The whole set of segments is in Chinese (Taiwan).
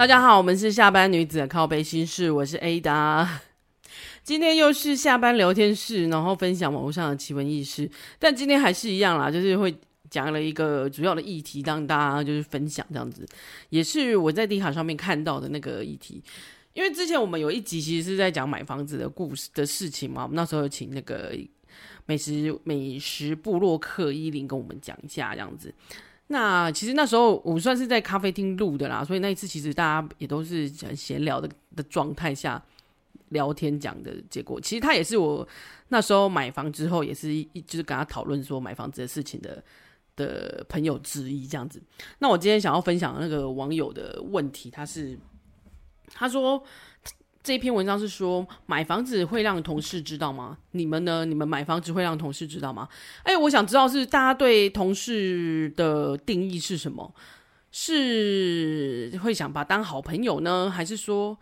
大家好，我們是下班女子的靠北心事，我是 Ada，今天又是下班聊天室，然後分享網絡上的奇聞異事。但今天還是一樣啦，就是會講了一個主要的議題，讓大家就是分享這樣子，也是我在 Dcard 上面看到的那個議題。因為之前我們有一集其實是在講買房子的故事的事情嘛，我們那時候有請那個美食美食部落客依林跟我們講一下這樣子。那其實那時候我們算是在咖啡廳錄的啦，所以那一次其實大家也都是很閒聊的的狀態下聊天講的結果。其實他也是我那時候買房之後也是一，就是跟他討論說買房子的事情的的朋友之一這樣子。那我今天想要分享的那個網友的問題，他是他說。這一篇文章是說，買房子會讓同事知道嗎？你們呢？你們買房子會讓同事知道嗎？哎、欸，我想知道是大家對同事的定義是什麼？是會想把它當好朋友呢，還是說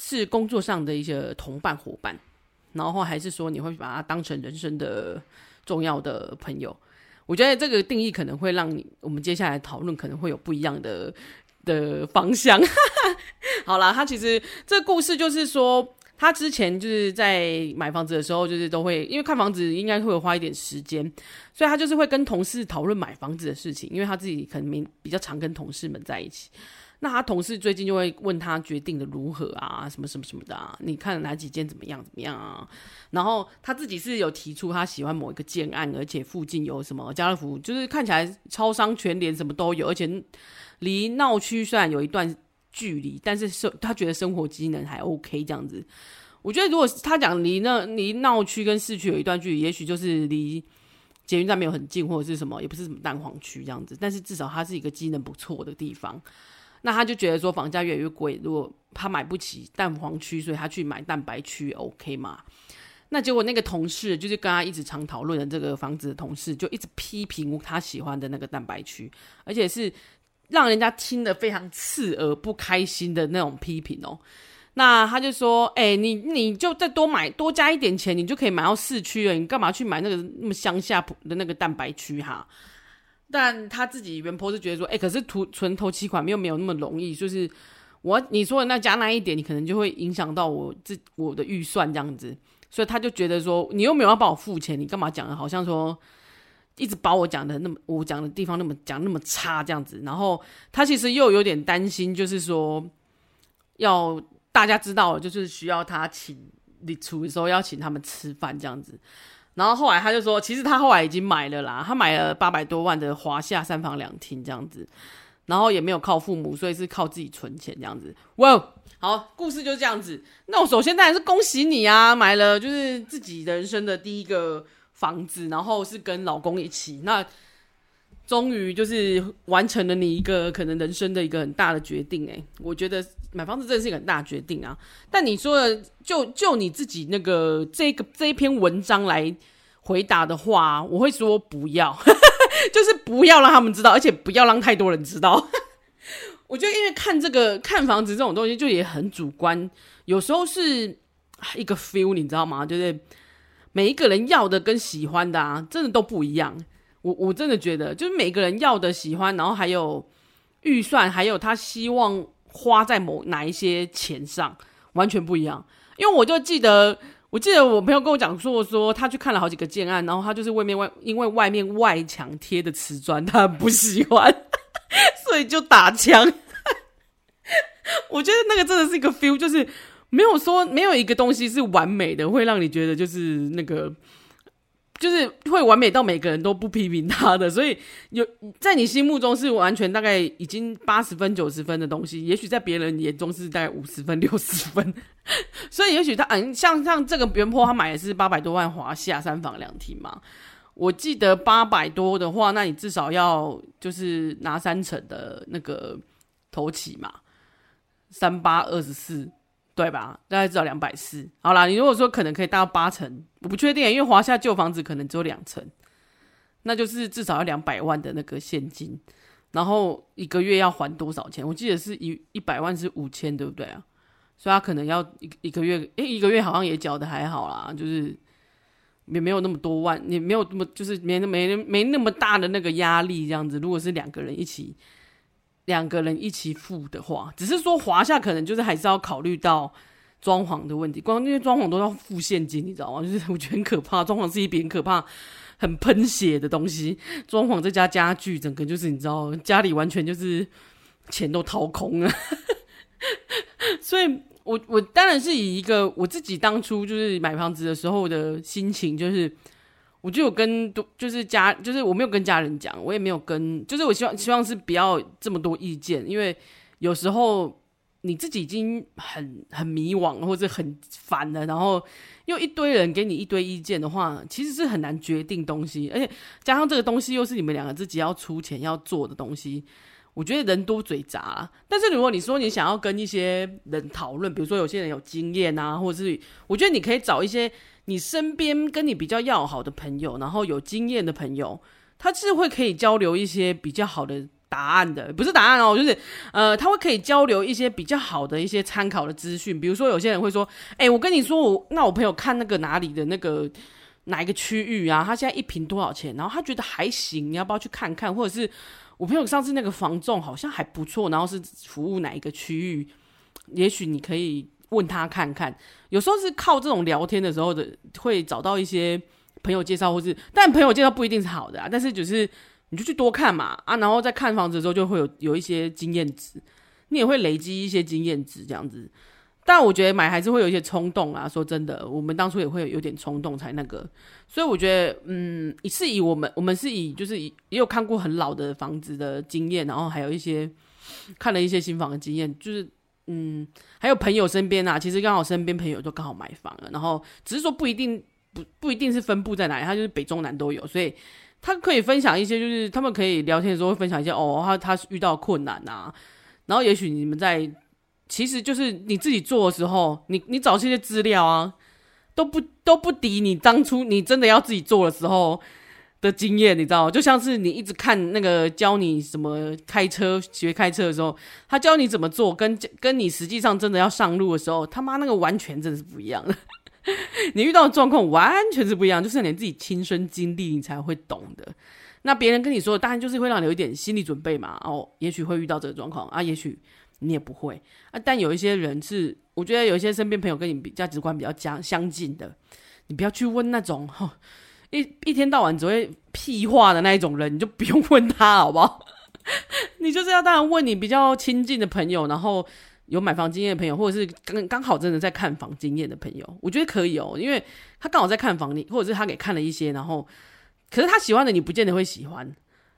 是工作上的一些同伴夥伴？然後還是說你會把它當成人生的重要的朋友？我覺得這個定義可能會讓你我們接下來討論可能會有不一樣的。的方向， 好啦，他其實這個故事就是說，他之前就是在買房子的時候，就是都會因為看房子應該會有花一點時間，所以他就是會跟同事討論買房子的事情，因為他自己可能比較常跟同事們在一起。那他同事最近就會問他決定的如何啊？什麼什麼什麼的啊？你看哪幾間怎麼樣怎麼樣啊？然後他自己是有提出他喜歡某一個建案，而且附近有什麼家樂福，就是看起來超商全聯什麼都有，而且離鬧區雖然有一段距離，但是他覺得生活機能還 OK 這樣子。我覺得如果他講離那離鬧區跟市區有一段距離，也許就是離捷運站沒有很近，或者是什麼也不是什麼蛋黃區這樣子，但是至少它是一個機能不錯的地方。那他就覺得說房價越來越貴，如果他買不起蛋黃區，所以他去買蛋白區，OK 嘛，那結果那個同事就是跟他一直常討論的這個房子的同事，就一直批評他喜歡的那個蛋白區，而且是讓人家聽得非常刺耳、不開心的那種批評哦、喔。那他就說，哎、欸，你你就再多買多加一點錢，你就可以買到市區了，你幹嘛去買那個那麼鄉下的那個蛋白區哈？但他自己原本是覺得說，哎、欸，可是圖存頭期款沒有沒有那麼容易，就是我你說的那加那一點，你可能就會影響到我自我的預算這樣子，所以他就覺得說，你又沒有要幫我付錢，你幹嘛講的，好像說一直把我講的那麼我講的地方那麼講那麼差這樣子，然後他其實又有點擔心，就是說要大家知道，就是需要他請你出的時候要請他們吃飯這樣子。然後後來他就說，其實他後來已經買了啦，他買了八百多萬的華廈三房兩廳這樣子，然後也沒有靠父母，所以是靠自己存錢這樣子。哇，Wow！好故事就是這樣子。那我首先當然是恭喜你啊，買了就是自己人生的第一個房子，然後是跟老公一起，那終於就是完成了你一個可能人生的一個很大的決定，欸。哎，我覺得。買房子真的是一個很大的決定啊！但你說的就就你自己那個這個這一篇文章來回答的話，我會說不要， 就是不要讓他們知道，而且不要讓太多人知道。 我覺得，因為看這個看房子這種東西，就也很主觀，有時候是一個 feel，你知道嗎？就是每一個人要的跟喜歡的啊，真的都不一樣。我我真的覺得，就是每個人要的喜歡，然後還有預算，還有他希望。花在某哪一些錢上完全不一樣，因為我就記得，我記得我朋友跟我講說，說他去看了好幾個建案，然後他就是外面外因為外面外牆貼的瓷磚他不喜歡，所以就打槍。 我覺得那個真的是一個 feel，就是沒有說沒有一個東西是完美的，會讓你覺得就是那個。就是會完美到每個人都不批評他的，所以有在你心目中是完全大概已經八十分九十分的東西，也許在別人眼中是大概五十分六十分。 所以也許他嗯，像像這個原 PO 他買的是八百多萬華廈三房兩廳嘛，我記得八百多的話，那你至少要就是拿三成的那個頭期嘛，三八二十四。對吧？大概至少兩百四。好啦，你如果說可能可以貸八成，我不確定，因為華廈舊房子可能只有兩成，那就是至少要兩百萬的那個現金。然後一個月要還多少錢？我記得是一一百萬是五千，對不對啊？所以他可能要一一個月，誒、欸，一個月好像也繳得還好啦，就是也沒有那麼多萬，也沒有那麼就是沒沒沒那麼大的那個壓力這樣子。如果是兩個人一起。兩個人一起付的話，只是說華夏可能就是還是要考慮到裝潢的問題，光那些裝潢都要付現金，你知道嗎？就是我覺得很可怕，裝潢是一筆可怕，很噴血的東西，裝潢這家家具，整個就是你知道，家裡完全就是錢都掏空了。 所以我，我我當然是以一個我自己當初就是買房子的時候的心情，就是。我就有跟，就是家，就是我沒有跟家人講，我也沒有跟，就是我希望希望是不要這麼多意見，因為有時候你自己已經很很迷惘或者很煩了，然後又一堆人給你一堆意見的話，其實是很難決定東西，而且加上這個東西又是你們兩個自己要出錢要做的東西，我覺得人多嘴雜。但是如果你說你想要跟一些人討論，比如說有些人有經驗啊，或者是我覺得你可以找一些。你身邊跟你比較要好的朋友，然後有經驗的朋友，他是會可以交流一些比較好的答案的，不是答案哦、喔，就是呃，他會可以交流一些比較好的一些參考的資訊。比如說，有些人會說：“哎、欸，我跟你說，我那我朋友看那個哪裡的那個哪一個區域啊，他現在一坪多少錢？然後他覺得還行，你要不要去看看？或者是我朋友上次那個房仲好像還不錯，然後是服務哪一個區域？也許你可以。”問他看看，有時候是靠這種聊天的時候的，會找到一些朋友介紹，或是但朋友介紹不一定是好的啊。但是就是你就去多看嘛啊，然後再看房子的時候就會有有一些經驗值，你也會累積一些經驗值這樣子。但我覺得買還是會有一些衝動啊。說真的，我們當初也會有點衝動才那個。所以我覺得，嗯，是以我們我們是以就是也有看過很老的房子的經驗，然後還有一些看了一些新房的經驗，就是。嗯，還有朋友身邊啊，其實剛好身邊朋友都剛好買房了，然後只是說不一定，不不一定是分布在哪裡，他就是北中南都有，所以他可以分享一些，就是他們可以聊天的時候會分享一些，哦，他他遇到困難啊，然後也許你們在，其實就是你自己做的時候，你你找這些資料啊，都不都不敵你當初你真的要自己做的時候。的經驗，你知道嗎？就像是你一直看那個教你什麼開車、學開車的時候，他教你怎麼做，跟跟你實際上真的要上路的時候，他媽那個完全真的是不一樣了。 你遇到的狀況完全是不一樣，就是你自己親身經歷你才會懂的。那別人跟你說，當然就是會讓你有一點心理準備嘛。哦，也許會遇到這個狀況啊，也許你也不會啊。但有一些人是，我覺得有一些身邊朋友跟你比價值觀比較相相近的，你不要去問那種哈。一一天到晚只會屁話的那一種人，你就不用問他好不好？ 你就是要當然問你比較親近的朋友，然後有買房經驗的朋友，或者是剛剛好真的在看房經驗的朋友，我覺得可以哦，因為他剛好在看房你或者是他給看了一些，然後可是他喜歡的你不見得會喜歡，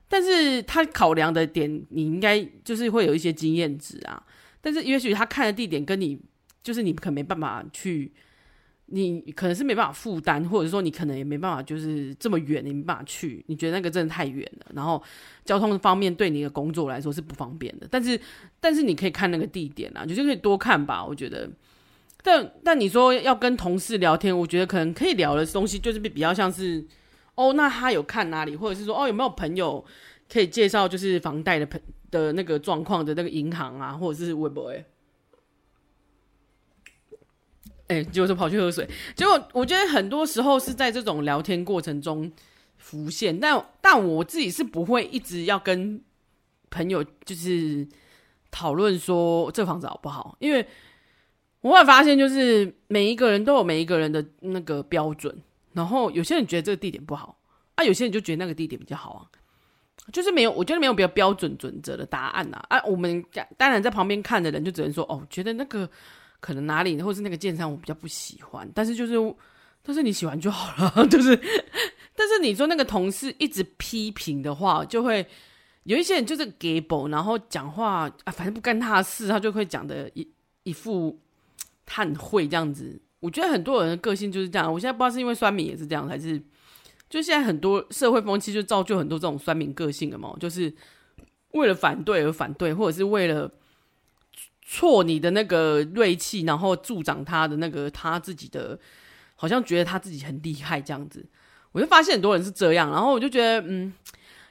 但是他考量的點你應該就是會有一些經驗值啊，但是也許他看的地點跟你就是你可沒辦法去。你可能是沒辦法負擔，或者是說你可能也沒辦法，就是這麼遠你沒辦法去，你覺得那個真的太遠了。然後交通方面對你的工作來說是不方便的，但是但是你可以看那個地點啊，就就可以多看吧，我覺得。但但你說要跟同事聊天，我覺得可能可以聊的東西就是比較像是，哦，那他有看哪裡，或者是說哦，有沒有朋友可以介紹就是房貸的朋的那個狀況的那個銀行啊，或者是微博哎。哎，就是跑去喝水。結果我覺得很多時候是在這種聊天過程中浮現，但但我自己是不會一直要跟朋友就是討論說這房子好不好，因為我會發現就是每一個人都有每一個人的那個標準，然後有些人覺得這個地點不好啊，有些人就覺得那個地點比較好啊，就是沒有，我覺得沒有比較標準準則的答案啊。啊，我們當然在旁邊看的人就只能說，哦，覺得那個。可能哪裡，或是那個鑒賞我比較不喜歡，但是就是，但是你喜歡就好了。就是，但是你說那個同事一直批評的話，就會有一些人就是雞婆然後講話啊，反正不干他的事，他就會講的一一副他很會這樣子。我覺得很多人的個性就是這樣。我現在不知道是因為酸民也是這樣，還是就現在很多社會風氣就造就很多這種酸民個性的嘛？就是為了反對而反對，或者是為了。挫你的那個銳氣，然後助長他的那個他自己的，好像覺得他自己很厲害這樣子。我就發現很多人是這樣，然後我就覺得，嗯，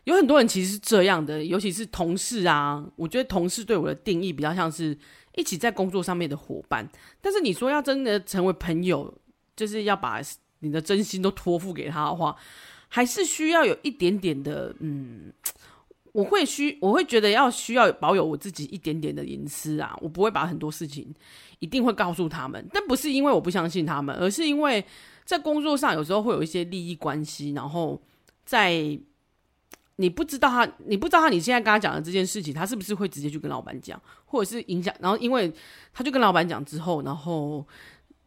有很多人其實是這樣的，尤其是同事啊。我覺得同事對我的定義比較像是一起在工作上面的夥伴，但是你說要真的成為朋友，就是要把你的真心都托付給他的話，還是需要有一點點的，嗯。我會需，我會覺得要需要保有我自己一點點的隱私啊，我不會把很多事情一定會告訴他們，但不是因為我不相信他們，而是因為在工作上有時候會有一些利益關係，然後在你不知道他，你不知道他，你現在跟他講的這件事情，他是不是會直接去跟老板講，或者是影響？然後因為他就跟老板講之後，然後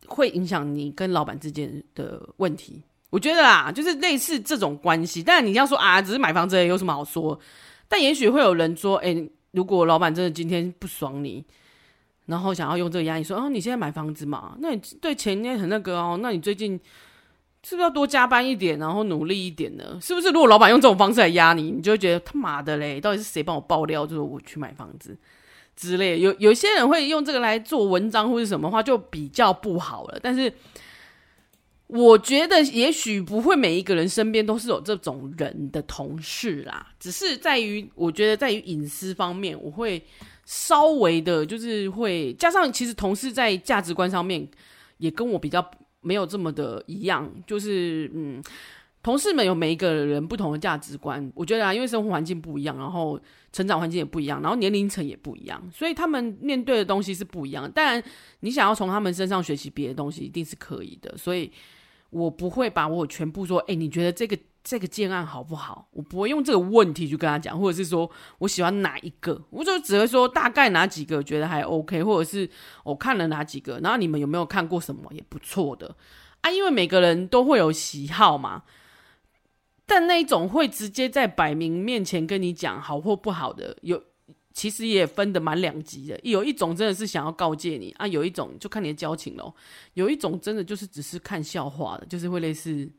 會影響你跟老板之間的問題。我覺得啊，就是類似這種關係，但你要說啊，只是買房子，有什麼好說？但也許會有人說：“欸、如果老闆真的今天不爽你，然後想要用這個壓你說，哦、啊，你現在買房子嘛，那你對錢也很那個哦，那你最近是不是要多加班一點，然後努力一點呢？是不是？如果老闆用這種方式來壓你，你就會覺得他媽的嘞，到底是誰幫我爆料，就是我去買房子之類的？有有些人，會用這個來做文章或是什麼話，就比較不好了。但是，我覺得也許不會每一個人身邊都是有這種人的同事啦，只是在於我覺得在於隱私方面，我會稍微的，就是會加上其實同事在價值觀上面也跟我比較沒有這麼的一樣，就是嗯，同事們有每一個人不同的價值觀，我覺得啊，因為生活環境不一樣，然後成長環境也不一樣，然後年齡層也不一樣，所以他們面對的東西是不一樣的。當然，你想要從他們身上學習別的東西，一定是可以的，所以。我不會把我全部說，誒、欸，你覺得這個這個建案好不好？我不會用這個問題去跟他講，或者是說我喜歡哪一個，我就只會說大概哪幾個覺得還 OK，或者是我看了哪幾個，然後你們有沒有看過什麼也不錯的啊？因為每個人都會有喜好嘛，但那一種會直接在擺明面前跟你講好或不好的有。其實也分得蠻兩極的，一、有一種真的是想要告誡你啊，有一種就看你的交情咯。有一種真的就是只是看笑話的，就是會類似，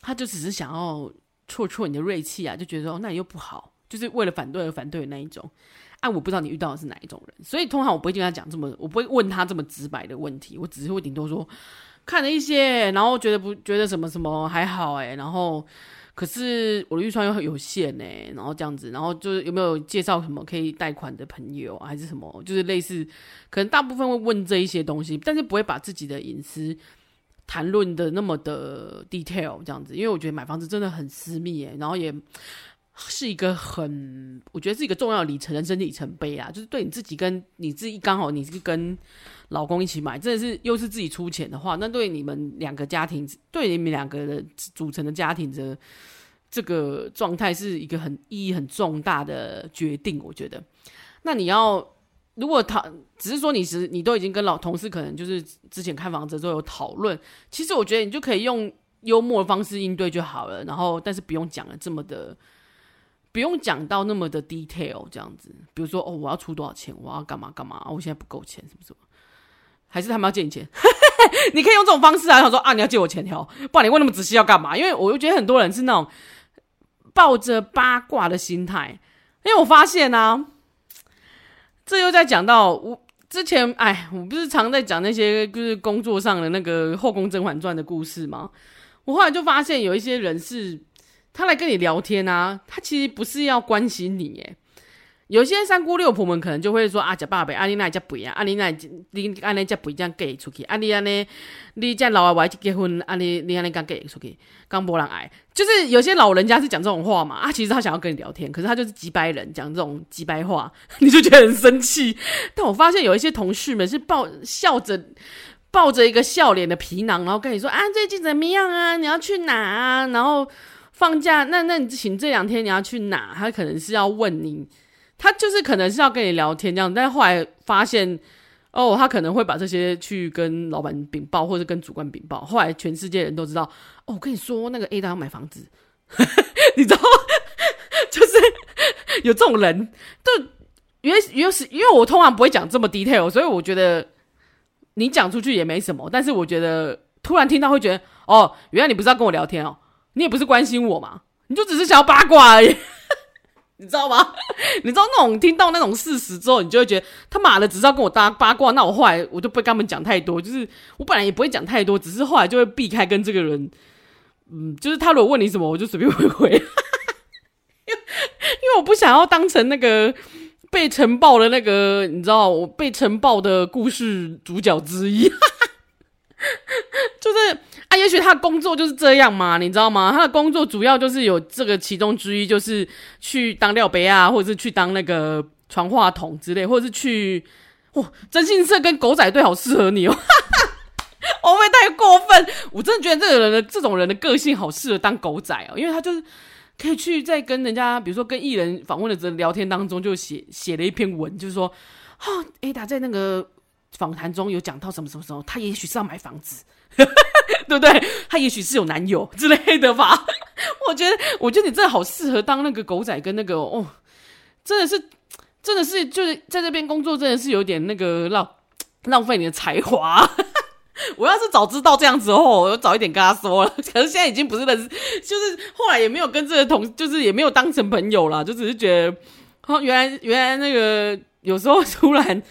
他就只是想要挫挫你的銳氣啊，就覺得說那你又不好，就是為了反對而反對的那一種，哎、啊，我不知道你遇到的是哪一種人，所以通常我不會跟他講這麼，我不會問他這麼直白的問題，我只是會頂多說看了一些，然後覺得不覺得什麼什麼還好哎、欸，然後。可是我的預算又很有限呢、欸，然後這樣子，然後就是有沒有介紹什麼可以貸款的朋友、啊，還是什麼，就是類似，可能大部分會問這一些東西，但是不會把自己的隱私談論的那麼的 detail 這樣子，因為我覺得買房子真的很私密誒、欸，然後也。是一個很，我覺得是一個重要的里程人生的里程碑啦。就是對你自己跟你自己剛好你是跟老公一起買，真的是又是自己出錢的話，那對你們兩個家庭，對你們兩個人組成的家庭的這個狀態，是一個很意義很重大的決定。我覺得，那你要如果他只是說你是你都已經跟老同事可能就是之前看房子都有討論，其實我覺得你就可以用幽默的方式應對就好了。然後，但是不用講了這麼的。不用講到那麼的 detail 這樣子，比如說哦，我要出多少錢，我要幹嘛幹嘛，我現在不夠錢，什麼什麼，還是他們要借你錢？呵呵呵你可以用這種方式啊，想說啊，你要借我錢條，不然你問那麼仔細要幹嘛？因為我又覺得很多人是那種抱着八卦的心態，因為我發現呢、啊，這又在講到我之前，哎，我不是常在講那些就是工作上的那個後宮甄嬛傳的故事嘛？我後來就發現有一些人是。他來跟你聊天啊，他其實不是要關心你耶。有些三姑六婆們可能就會說：“啊，家爸輩，阿你那家輩啊，阿你那、啊啊，你阿那家輩這樣嫁出去，阿你阿那，你，這你這老家老外就去結婚，阿、啊、你你阿那剛嫁出去，剛沒人愛。”就是有些老人家是講這種話嘛啊，其實他想要跟你聊天，可是他就是雞掰人講這種雞掰話，你就覺得很生氣。但我發現有一些同事們是抱笑着，抱着一個笑臉的皮囊，然後跟你說：“啊，最近怎麼樣啊？你要去哪啊？”然後。放假那那你請這兩天你要去哪？他可能是要問你，他就是可能是要跟你聊天這樣。但後來發現哦，他可能會把這些去跟老板稟報，或者是跟主管稟報。後來全世界人都知道哦。我跟你說，那個 A 大要買房子， 你知道嗎？就是有這種人。對，因為因為是因為我通常不會講這麼 detail，所以我覺得你講出去也沒什麼。但是我覺得突然聽到會覺得哦，原來你不是要跟我聊天哦。你也不是關心我嘛，你就只是想要八卦而已， 你知道嗎？ 你知道那種聽到那種事實之後，你就會覺得他媽的只知道跟我搭八卦。那我後來我就不會跟他們講太多，就是我本來也不會講太多，只是後來就會避開跟這個人。嗯，就是他如果問你什麼，我就隨便回回， 因為因為我不想要當成那個被呈報的那個，你知道我被呈報的故事主角之一。 也許他的工作就是這樣嘛，你知道嗎？他的工作主要就是有這個其中之一，就是去當料杯啊，或者是去當那個傳話筒之類，或者是去哇，徵信社跟狗仔隊好適合你哦。哈哈，我會太過分，我真的覺得這個人的這種人的個性好適合當狗仔哦，因為他就是可以去在跟人家，比如說跟藝人訪問的聊天當中就就寫寫了一篇文，就是說哈誒、哦欸，他在那個訪談中有講到什麼什麼什麼，他也許是要買房子。 對不對？他也許是有男友之類的吧？ 我覺得，我覺得你真的好適合當那個狗仔，跟那個哦，真的是，真的是，就是在這邊工作，真的是有點那個浪浪費你的才華。 我要是早知道這樣子，哦，我早一點跟他說了。可是現在已經不是認識，就是後來也沒有跟這個同，就是也沒有當成朋友了，就只是覺得，哦，原來原來那個有時候突然。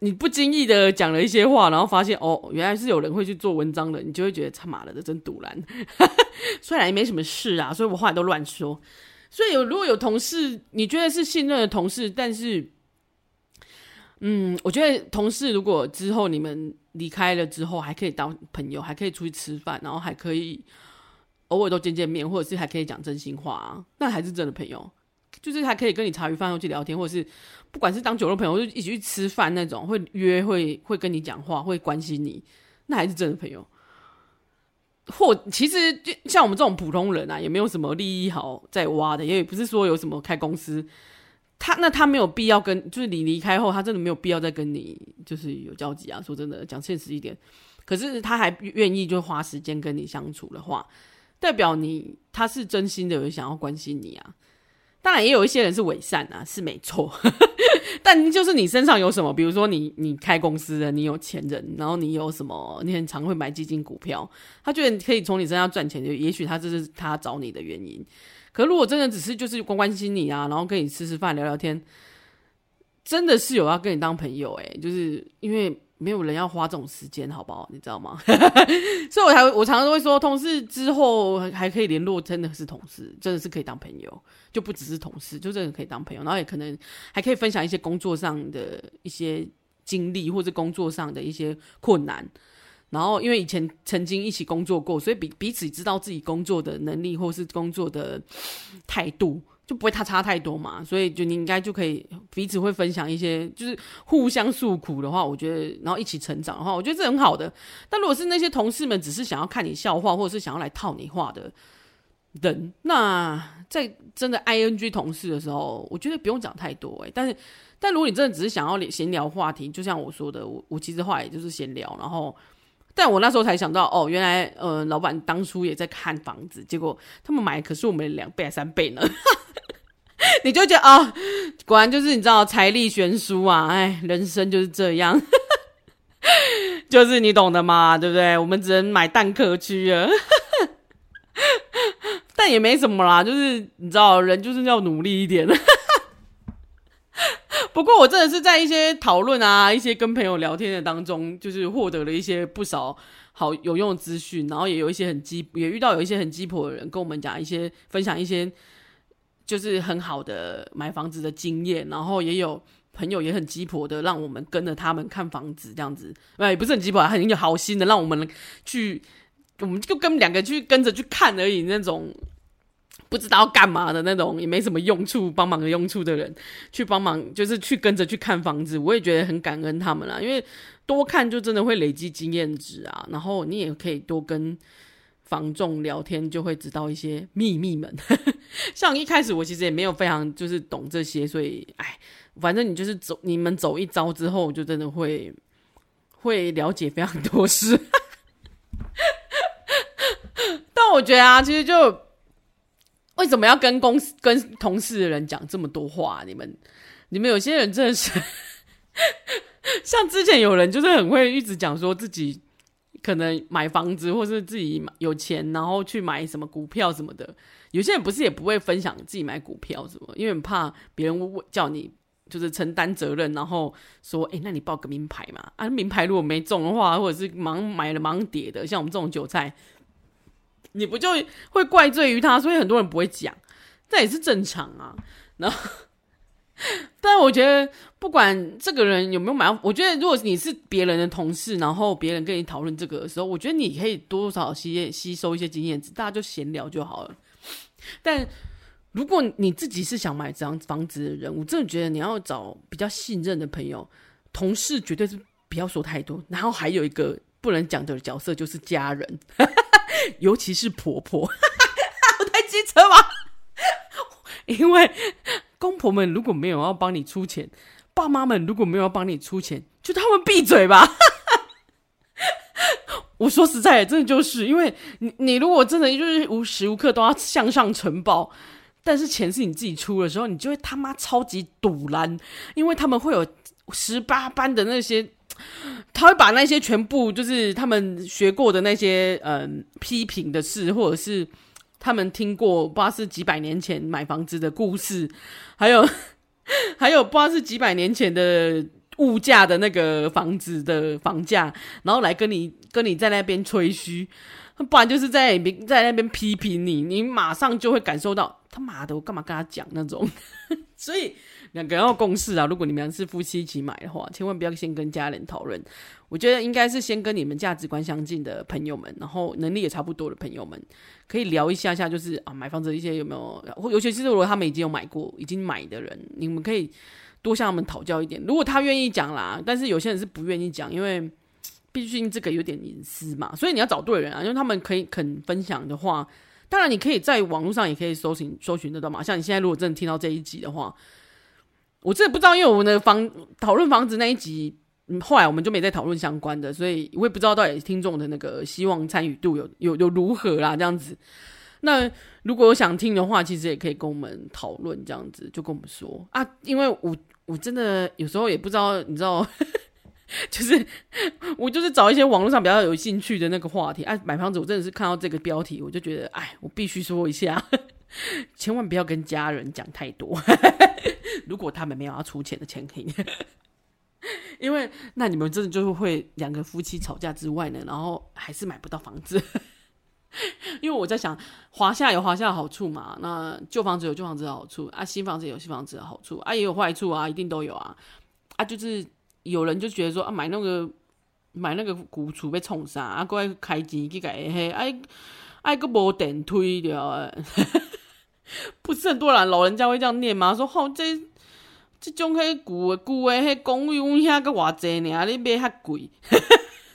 你不經意的講了一些話，然後發現哦，原來是有人會去做文章的，你就會覺得他媽的這真堵爛， 雖然也沒什麼事啊，所以我話都亂說。所以有如果有同事，你覺得是信任的同事，但是，嗯，我覺得同事如果之後你們離開了之後，還可以當朋友，還可以出去吃飯，然後還可以偶爾都見見面，或者是還可以講真心話，啊，那還是真的朋友。就是他可以跟你茶餘飯後去聊天，或者是不管是當酒肉朋友，就一起去吃飯那種，會約會，會跟你講話，會關心你，那還是真的朋友。或其實就像我們這種普通人啊，也沒有什麼利益好在挖的，也不是說有什麼開公司，他那他沒有必要跟，就是你離開後，他真的沒有必要再跟你就是有交集啊。說真的，講現實一點，可是他還願意就花時間跟你相處的話，代表你他是真心的有想要關心你啊。當然也有一些人是偽善啊，是沒錯。 但就是你身上有什麼，比如說你你開公司的，你有錢人，然後你有什麼，你很常會買基金股票，他覺得可以從你身上賺錢，也許就也許他這是他找你的原因。可如果真的只是就是關關心你啊，然後跟你吃吃飯聊聊天，真的是有要跟你當朋友哎、欸，就是因為。沒有人要花這種時間，好不好？你知道嗎？ 所以我還我常常會說，同事之後還，還可以聯絡，真的是同事，真的是可以當朋友，就不只是同事，就真的可以當朋友。然後也可能還可以分享一些工作上的一些經歷，或者是工作上的一些困難。然後因為以前曾經一起工作過，所以彼彼此知道自己工作的能力，或者是工作的態度。就不會他差太多嘛，所以就你應該就可以彼此會分享一些，就是互相訴苦的話，我覺得，然後一起成長的話，我覺得這很好的。但如果是那些同事們，只是想要看你笑話，或者是想要來套你話的人，那在真的 ing 同事的時候，我覺得不用講太多誒、欸。但是，但如果你真的只是想要閒聊話題，就像我說的，我我其實話也就是閒聊。然後，但我那時候才想到，哦，原來呃，老闆當初也在看房子，結果他們買可是我們兩倍還三倍呢。 你就覺得啊、哦，果然就是你知道財力懸殊啊，哎，人生就是這樣呵呵，就是你懂的嘛，對不對？我們只能買蛋殼區了呵呵，但也沒什麼啦，就是你知道，人就是要努力一點呵呵。不過我真的是在一些討論啊，一些跟朋友聊天的當中，就是獲得了一些不少好有用的資訊，然後也有一些很雞，也遇到有一些很雞婆的人跟我們講一些分享一些。就是很好的買房子的經驗，然後也有朋友也很雞婆的，讓我們跟着他們看房子這樣子，哎，也不是很雞婆，很有好心的讓我們去，我們就跟兩個去跟着去看而已，那種不知道幹嘛的那種，也沒什麼用處，幫忙的用處的人去幫忙，就是去跟着去看房子，我也覺得很感恩他們啦，因為多看就真的會累積經驗值啊，然後你也可以多跟房仲聊天，就會知道一些秘密們 像一開始我其實也沒有非常就是懂這些，所以哎，反正你就是走，你們走一遭之後，就真的會會了解非常多事。 但我覺得啊，其實就為什麼要跟公司、跟同事的人講這麼多話啊？你們、你們有些人真的是， 像之前有人就是很會一直講說自己可能買房子，或是自己有錢，然後去買什麼股票什麼的。有些人不是也不會分享自己買股票什麼，因為怕別人問叫你就是承擔責任，然後說：“哎、欸，那你報個名牌嘛？”啊，名牌如果沒中的話，或者是盲買了盲跌的，像我們這種韭菜，你不就會怪罪於他？所以很多人不會講，這也是正常啊。然後。但我覺得不管這個人有沒有買，我覺得如果你是別人的同事，然後別人跟你討論這個的時候，我覺得你可以多多少少吸吸收一些經驗值，大家就閒聊就好了。但如果你自己是想買這樣房子的人，我真的覺得你要找比較信任的朋友、同事，絕對是不要說太多。然後還有一個不能講的角色就是家人， 尤其是婆婆，我在機 車嗎？ 因為公婆們如果沒有要幫你出錢，爸媽們如果沒有要幫你出錢，就他們閉嘴吧。 我說實在也，真的就是因為你，你如果真的就是無時無刻都要向上呈報，但是錢是你自己出的時候，你就會他媽超級賭爛，因為他們會有十八般的那些，他會把那些全部就是他們學過的那些嗯批評的事，或者是他們聽過，不知道是幾百年前買房子的故事，還有還有不知道是幾百年前的。物價的那個房子的房價，然後來跟你跟你在那邊吹噓，不然就是在那在那邊批評你，你馬上就會感受到他媽的，我幹嘛跟他講那種？ 所以兩個人要共識啊，如果你們是夫妻一起買的話，千萬不要先跟家人討論。我覺得應該是先跟你們價值觀相近的朋友們，然後能力也差不多的朋友們，可以聊一下下，就是啊，買房子的一些有沒有，尤其是如果他們已經有買過已經買的人，你們可以。多向他們討教一點，如果他願意講啦，但是有些人是不願意講，因為畢竟這個有點隱私嘛，所以你要找對人啊，因為他們可以肯分享的話，當然你可以在網絡上也可以搜尋搜尋得到嘛。像你現在如果真的聽到這一集的話，我真的不知道，因為我們的房討論房子那一集，嗯，後來我們就沒再討論相關的，所以我也不知道到底聽眾的那個希望參與度有有有如何啦，這樣子。那如果有想聽的話，其實也可以跟我們討論這樣子，就跟我們說啊，因為我我真的有時候也不知道，你知道，呵呵，就是我就是找一些網絡上比較有興趣的那個話題。哎、啊，買房子，我真的是看到這個標題，我就覺得哎，我必須說一下呵呵，千萬不要跟家人講太多呵呵，如果他們沒有要出錢的前提，因為那你們真的就會兩個夫妻吵架之外呢，然後還是買不到房子。因為我在想，華廈有華廈的好處嘛，那舊房子有舊房子的好處啊，新房子有新房子的好處啊，也有壞處啊，一定都有啊，啊，就是有人就覺得說啊，買那個買那個古厝要創啥啊，過開錢去搞黑，哎、啊、哎，擱無電梯了，不是很多人老人家會這樣念嘛。說好、喔、這這種黑古古誒黑公寓遐個瓦儕，爾你買較貴。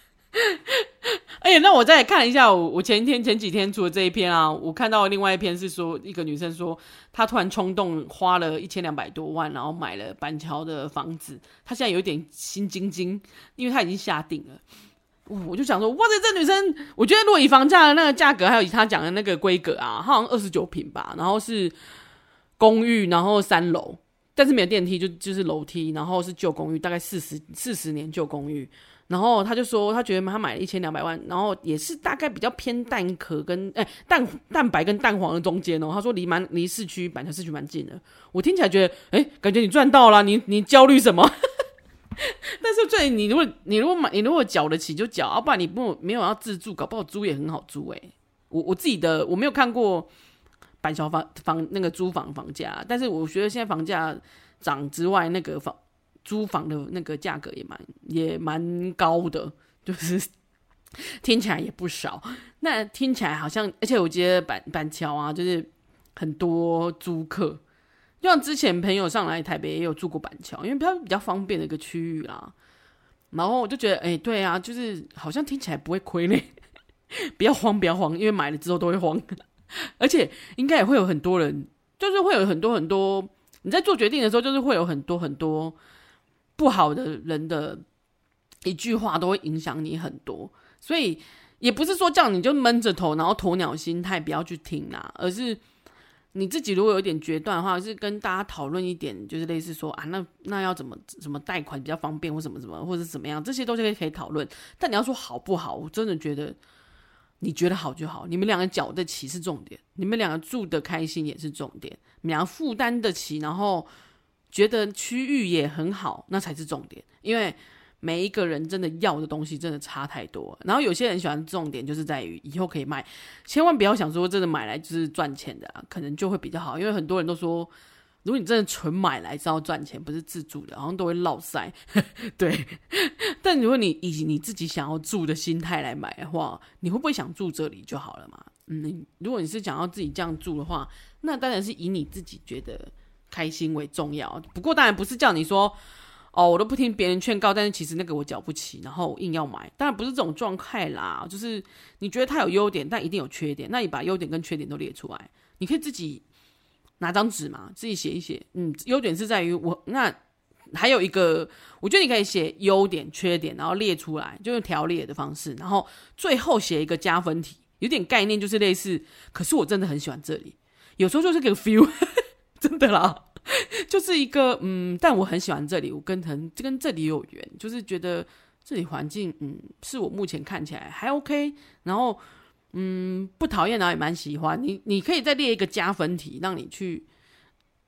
哎、欸，那我再看一下我，我我前一天前幾天出的這一篇啊，我看到另外一篇是說一個女生說她突然衝動花了一千兩百多萬，然後買了板橋的房子，她現在有一點心驚驚，因為她已經下定了。我就想說，哇塞，這女生，我覺得如果以房價的那個價格，還有以她講的那個規格啊，她好像二十九坪吧，然後是公寓，然後三樓，但是沒有電梯，就就是樓梯，然後是舊公寓，大概四十四十年舊公寓。然後他就說，他覺得他買了一千兩百萬，然後也是大概比較偏蛋殼跟哎蛋蛋白跟蛋黃的中間哦。他說離蠻離市區板橋市區蠻近的。我聽起來覺得哎，感覺你賺到了，你你焦慮什麼？ 但是最近你如果你如果買你如果繳得起就繳，要、啊、不然你不沒有要自住，搞不好租也很好租誒、欸。我我自己的我沒有看過板橋房房那個租房房價，但是我覺得現在房價漲之外，那個房。租房的那個價格也蠻也蠻高的，就是聽起來也不少。那聽起來好像，而且我覺得板板橋啊，就是很多租客，就像之前朋友上來台北也有住過板橋，因為比較比較方便的一個區域啦。然後我就覺得，哎、欸，對啊，就是好像聽起來不會虧咧。 不要慌，不要慌，因為買了之後都會慌。 而且應該也會有很多人，就是會有很多很多。你在做決定的時候，就是會有很多很多。不好的人的一句話都會影響你很多，所以也不是說這樣你就悶着頭，然後鴕鳥心態不要去聽啦。而是你自己如果有點決斷的話，是跟大家討論一點，就是類似說啊那，那那要怎麼怎麼貸款比較方便，或怎麼怎麼，或者怎麼樣，這些東西可以討論。但你要說好不好，我真的覺得你覺得好就好，你們兩個繳得起是重點，你們兩個住得開心也是重點，你們倆負擔得起，然後。覺得區域也很好，那才是重點。因為每一個人真的要的東西真的差太多。然後有些人喜歡，重點就是在於以後可以賣。千萬不要想說真的買來就是賺錢的，可能就會比較好。因為很多人都說，如果你真的純買來是要賺錢，不是自住的，好像都會落塞，對，但如果你以你自己想要住的心態來買的話，你會不會想住這裡就好了嘛？嗯，如果你是想要自己這樣住的話，那當然是以你自己覺得。開心為重要，不過當然不是叫你說哦，我都不聽別人勸告，但是其實那個我繳不起，然後硬要買，當然不是這種狀態啦。就是你覺得它有優點，但一定有缺點，那你把優點跟缺點都列出來，你可以自己拿張紙嘛，自己寫一寫。嗯，優點是在於我，那還有一個，我覺得你可以寫優點、缺點，然後列出來，就用條列的方式，然後最後寫一個加分題，有點概念就是類似。可是我真的很喜歡這裡，有時候就是個 feel。 真的啦，就是一個嗯，但我很喜歡這裡，我跟很跟這裡有緣，就是覺得這裡環境嗯是我目前看起來還 OK，然後嗯不討厭，然後也蠻喜歡。你你可以再列一個加分題，讓你去，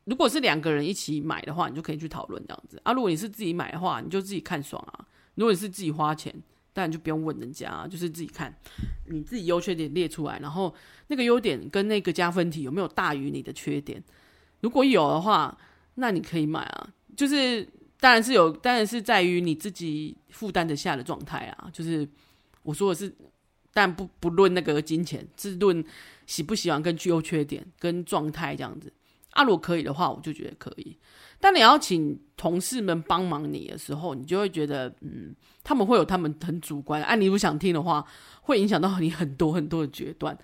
如果是兩個人一起買的話，你就可以去討論這樣子啊。如果你是自己買的話，你就自己看爽啊。如果你是自己花錢，當然就不用問人家啊，就是自己看，你自己優缺點列出來，然後那個優點跟那個加分題有沒有大於你的缺點？如果有的話，那你可以買啊。就是當然是有，當然是在於你自己負擔的下的狀態啊。就是我說的是，但不不論那個金錢，是論喜不喜歡、跟優缺點、跟狀態這樣子。啊，如果可以的話，我就覺得可以。但你要請同事們幫忙你的時候，你就會覺得，嗯，他們會有他們很主觀。哎、啊，你如果想聽的話，會影響到你很多很多的決斷。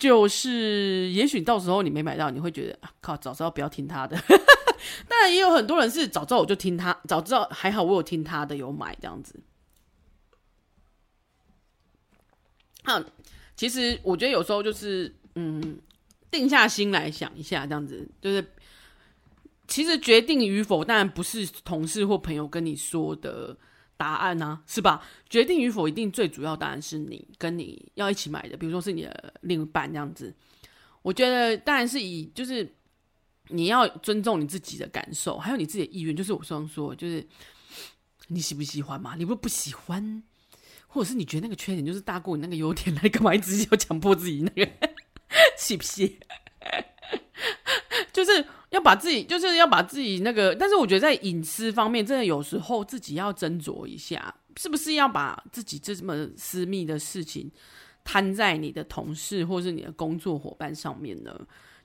就是，也許到時候你沒買到，你會覺得、啊、靠，早知道不要聽他的。 當然，也有很多人是早知道我就聽他，早知道還好我有聽他的，有買這樣子。嗯，其實我覺得有時候就是，嗯，定下心來想一下，這樣子就是，其實決定與否，當然不是同事或朋友跟你說的。答案呢、啊？是吧？決定與否一定最主要答案是你跟你要一起買的，比如說是你的另一半這樣子。我覺得當然是以，就是你要尊重你自己的感受，還有你自己的意願。就是我剛剛說，就是你喜不喜歡嘛？你不不喜歡，或者是你覺得那個缺點就是大過你那個優點了，你幹嘛一直要強迫自己那個？ 是不是？ 就是。要把自己，就是要把自己那個，但是我覺得在隱私方面，真的有時候自己要斟酌一下，是不是要把自己這麼私密的事情攤在你的同事或是你的工作夥伴上面呢？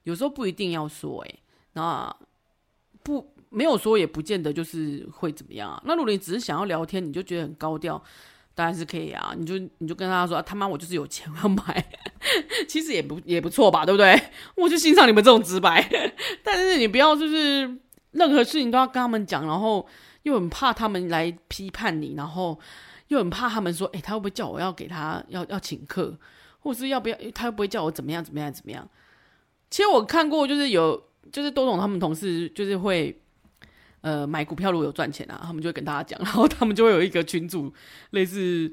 有時候不一定要說，欸，誒，那不沒有說也不見得就是會怎麼樣啊。那如果你只是想要聊天，你就覺得很高調。當然是可以啊，你就你就跟他說他媽、啊，我就是有錢要買， 其實也不也不錯吧，對不對？我就欣賞你們這種直白。 但是你不要就是任何事情都要跟他們講，然後又很怕他們來批判你，然後又很怕他們說，哎、欸，他會不會叫我要給他要要請客，或是要不要、欸、他會不會叫我怎麼樣怎麼樣怎麼樣？其實我看過就是有，就是有就是多種他們同事就是會。呃，買股票如果有賺錢啊，他們就會跟大家講，然後他們就會有一個群組，類似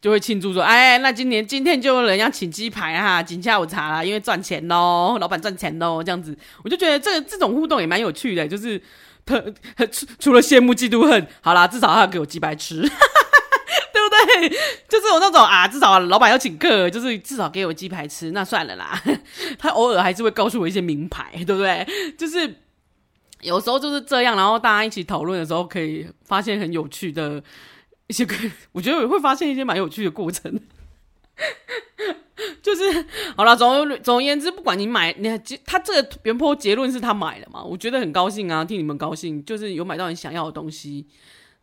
就會慶祝說，哎，那今年今天就人家請雞排哈、啊，請下午茶啦，因為賺錢嘍，老板賺錢嘍，這樣子，我就覺得這個、這種互動也蠻有趣的，就是他除除了羨慕嫉妒恨，好啦，至少他給我雞排吃， 對不對？就是我那種啊，至少、啊、老板要請客，就是至少給我雞排吃，那算了啦， 他偶爾還是會告訴我一些名牌，對不對？就是。有時候就是這樣，然後大家一起討論的時候，可以發現很有趣的一些，我覺得會發現一些蠻有趣的過程。 就是好啦，總總而言之，不管你買，你他這個原 PO 結論是他買的嘛，我覺得很高興啊，替你們高興，就是有買到你想要的東西，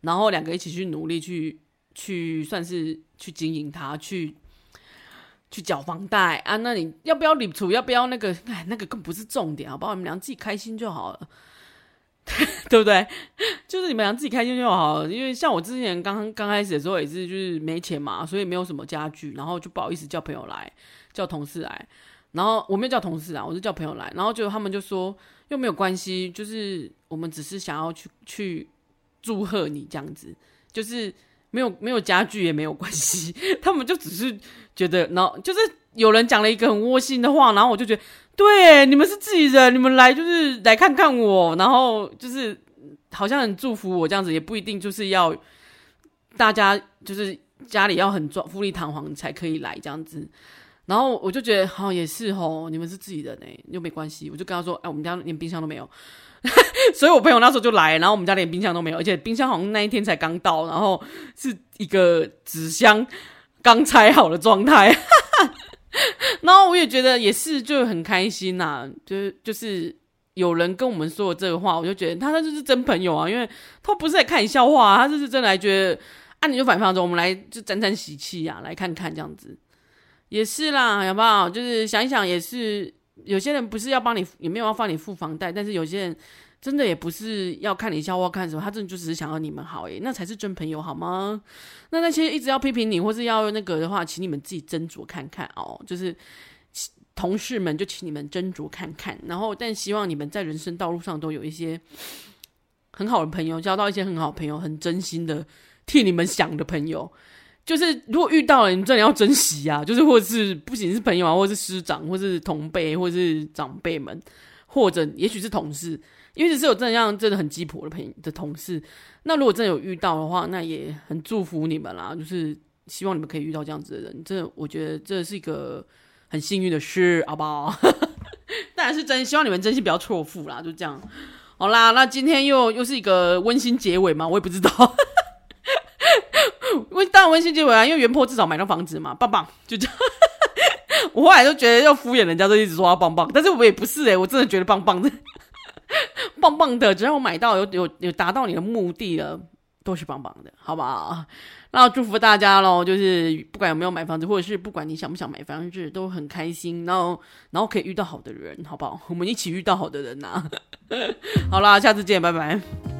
然後兩個一起去努力去，去去算是去經營它，去去繳房貸啊。那你要不要理處？要不要那個？哎，那個更不是重點，好不好？你們倆自己開心就好了。 對不對？就是你們倆自己開心就好了。因為像我之前剛剛開始的時候也是，就是沒錢嘛，所以沒有什麼家具，然後就不好意思叫朋友來，叫同事來。然後我沒有叫同事啊，我是叫朋友來。然後就他們就說又沒有關係，就是我們只是想要去去祝賀你這樣子，就是沒有沒有家具也沒有關係。他們就只是覺得，然後就是有人講了一個很窩心的話，然後我就覺得。對，你們是自己人，你們來就是來看看我，然後就是好像很祝福我這樣子，也不一定就是要大家就是家裡要很裝富麗堂皇才可以來這樣子。然後我就覺得，好、哦、也是哦，你們是自己人哎，又沒關係。我就跟他說，哎，我們家連冰箱都沒有， 所以我朋友那時候就來，然後我們家連冰箱都沒有，而且冰箱好像那一天才剛到，然後是一個紙箱剛拆好的狀態。 然後我也覺得也是，就很開心呐、啊。就就是有人跟我們說這個話，我就覺得他他就是真朋友啊，因為他不是在看你笑話、啊，他就是真的來覺得啊，你就反方向，我們來就沾沾喜氣啊，來看看這樣子也是啦，有沒有？就是想一想，也是有些人不是要幫你，也沒有要幫你付房貸，但是有些人。真的也不是要看你笑話或看什麼，他真的就只是想要你們好耶，那才是真朋友好嗎？那那些一直要批評你或是要那個的話，請你們自己斟酌看看哦。就是同事們就請你們斟酌看看，然後但希望你們在人生道路上都有一些很好的朋友，交到一些很好的朋友，很真心的替你們想的朋友，就是如果遇到了，你真的要珍惜啊！就是或者是不僅是朋友啊，或者是師長，或者是同輩，或者是長輩們，或者也許是同事。因為只是有這樣真的很雞婆的朋的同事，那如果真的有遇到的話，那也很祝福你們啦。就是希望你們可以遇到這樣子的人，這我覺得這是一個很幸運的事，好不好？ 但還是真，希望你們真心不要錯付啦。就這樣，好啦，那今天又又是一個溫馨結尾嘛，我也不知道。溫當然溫馨結尾啊，因為原 PO 至少買到房子嘛，棒棒，就這樣。 我後來都覺得要敷衍人家，就一直說要棒棒，但是我也不是誒、欸、我真的覺得棒棒的。棒棒的，只要我買到有有有達到你的目的了，都是棒棒的，好不好？那祝福大家咯，就是不管有沒有買房子，或者是不管你想不想買房子，都很開心，然後然後可以遇到好的人，好不好？我們一起遇到好的人吶！ 好啦，下次見，拜拜。